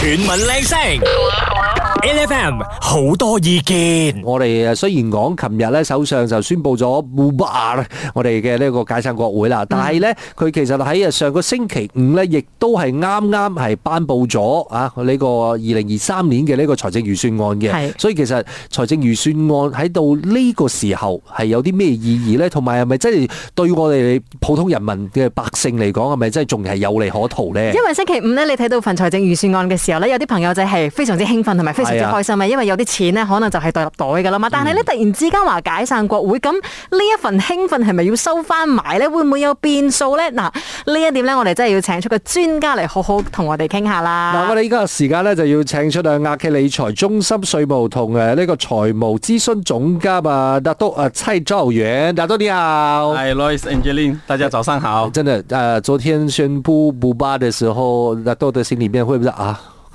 全民靚聲，L F M 好多意見。我哋誒雖然講，琴日咧首相就宣布咗 bubar 啦，我哋嘅呢個解散國會啦，但係咧佢其實喺啊上個星期五咧，亦都係啱啱係頒布咗啊呢個二零二三年嘅呢個財政預算案嘅。係，所以其實財政預算案喺到呢個時候係有啲咩意義咧？同埋係咪真係對我哋普通人民嘅百姓嚟講，係咪真係仲係有利可圖咧？因為星期五咧，你睇到份財政預算案嘅時。有啲朋友仔係非常之興奮，同埋非常之開心啊，因為有啲錢可能就係袋入袋嘅啦嘛。哎、呀但係咧，嗯、突然之間話解散國會，咁呢一份興奮係咪要收翻埋呢？會唔會有變數呢？嗱、啊，呢一點呢，我哋真係要請出一個專家嚟，好好同我哋傾下啦。嗱、哎，我哋依家時間呢，就要請出亞企理財中心稅務同誒呢個財務諮詢總監啊，特督啊妻周遠，特、呃、督你好，係 Lois Angeline，大家早上好。哎、真係，誒、呃，昨天宣布布巴嘅時候，大多嘅心裏面會唔會啊？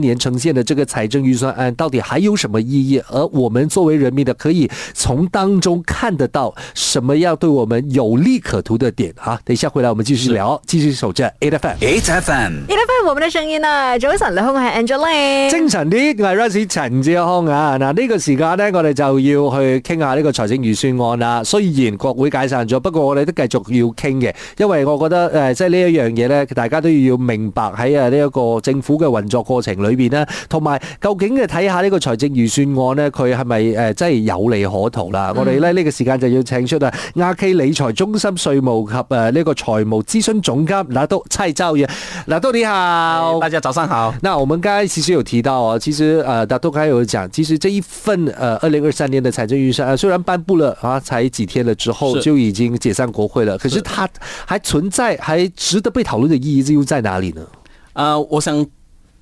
年呈現的這個財政預算案到底還有什麼意義？而我們作為人民的，可以從當中看得到什麼樣對我們有利可圖的點？啊，等一下回來，我們繼續聊，繼續守着 Eight FM，Eight FM，Eight FM 我們的聲音呢、啊？主持人陳志康、Angeline，鄭產烈、Russie、陳志康啊，嗱、這、呢個時間呢，我哋就要去傾下呢個財政預算案啦。雖然國會解散咗，不過我哋都繼續要傾嘅，因為我覺得即係、呃、呢一樣嘢大家都要明白喺呢個政府嘅運作過程。裏邊啦，同埋究竟嘅睇下呢個財政預算案呢，佢係咪誒真係有利可圖啦？嗯、我哋呢、這個時間就要請出啊亞 K 理財中心稅務及誒呢、呃這個財務諮詢總監拿督、呃、蔡周宇拿督、呃、你好，大家早上好。嗱，我們剛剛其實有提到啊，其實誒，拿督、呃、剛才有講，其實這一份誒二零二三年的財政預算案、呃、雖然頒布了啊，才幾天了之後是就已經解散國會了，可是它還存在，還值得被討論的意義又在哪裏呢？啊、呃，我想。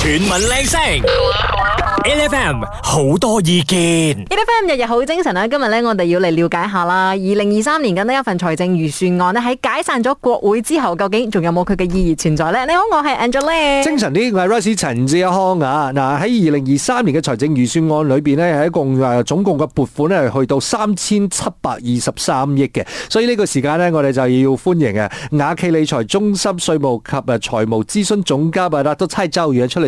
全民靚聲，LFM 好多意見，LFM 日日好精神啊！今日咧，我哋要嚟了解下啦。二零二三年嘅呢一份財政預算案咧，喺解散咗國會之後，究竟仲有冇佢嘅意義存在咧？你好，我係 Angela，精神啲，我係 Russ 陳志康啊！嗱，喺二零二三年嘅財政預算案裏邊咧，係一共啊總共嘅撥款咧，係去到三千七百二十三億嘅。所以呢個時間咧，我哋就要歡迎啊雅企理財中心稅務及誒財務諮詢總監啊都猜周宇出嚟。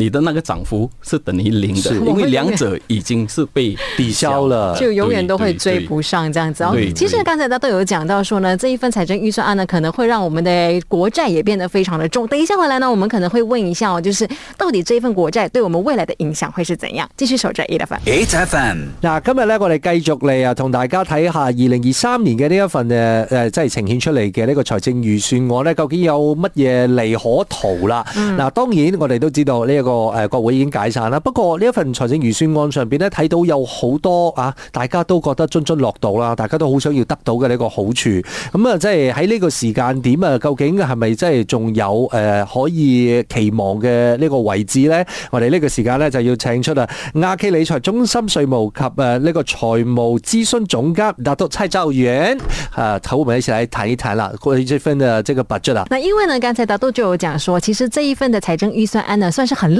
你的那個漲幅是等於零嘅，是因為兩者已經是被抵消了，就永遠都會追不上。這樣子，哦，其實剛才大家都有講到，說呢，這一份財政預算案呢，可能會讓我們的國債也變得非常的重。等一下回來呢，我們可能會問一下，哦，就是到底這一份國債對我們未來的影響會是怎樣？繼續守在 E-FM。e f n 嗱，今日呢，我哋繼續嚟啊，同大家睇下二零二三年嘅呢一份誒誒，即係呈現出嚟嘅呢個財政預算案呢，究竟有乜嘢利可圖啦？嗱，嗯、當然我哋都知道呢、這、一個。個誒，國會已經解散啦。不過呢一份財政預算案上邊呢，睇到有好多啊，大家都覺得津津樂道啦。大家都好想要得到嘅呢個好處。咁、嗯、啊，即係喺呢個時間點啊，究竟係咪即係仲有誒、呃、可以期望嘅呢個位置呢？我哋呢個時間呢，就要請出啊亞 K 理財中心稅務及誒、啊、呢、這個財務諮詢總監達都妻周遠啊，好，我哋一齊嚟睇一睇啦，關於呢一份即呢個 budget 啦。因為呢，剛才達都就有講說，其實這一份嘅財政預算案呢，算是很。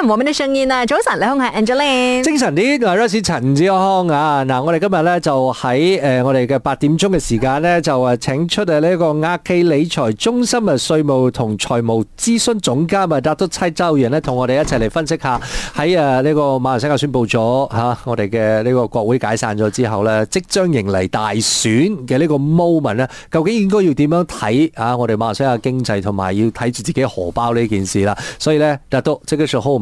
冇咩啲聲音。早晨，你好，係 Angelina。精神啲，嗱 Rose 陳志康嗱，我哋、啊、今日呢就喺誒、呃、我哋嘅八點鐘嘅時間呢，就誒請出誒呢個亞記理財中心嘅稅務同財務諮詢總監咪達都七周源呢，同我哋一齊嚟分析下喺呢個馬來西亞宣布咗吓、啊、我哋嘅呢個國會解散咗之後呢，即將迎嚟大選嘅呢個 moment 究竟應該要點樣睇啊？我哋馬來西亞經濟同埋要睇住自己荷包呢件事啦。所以呢達都，即 home。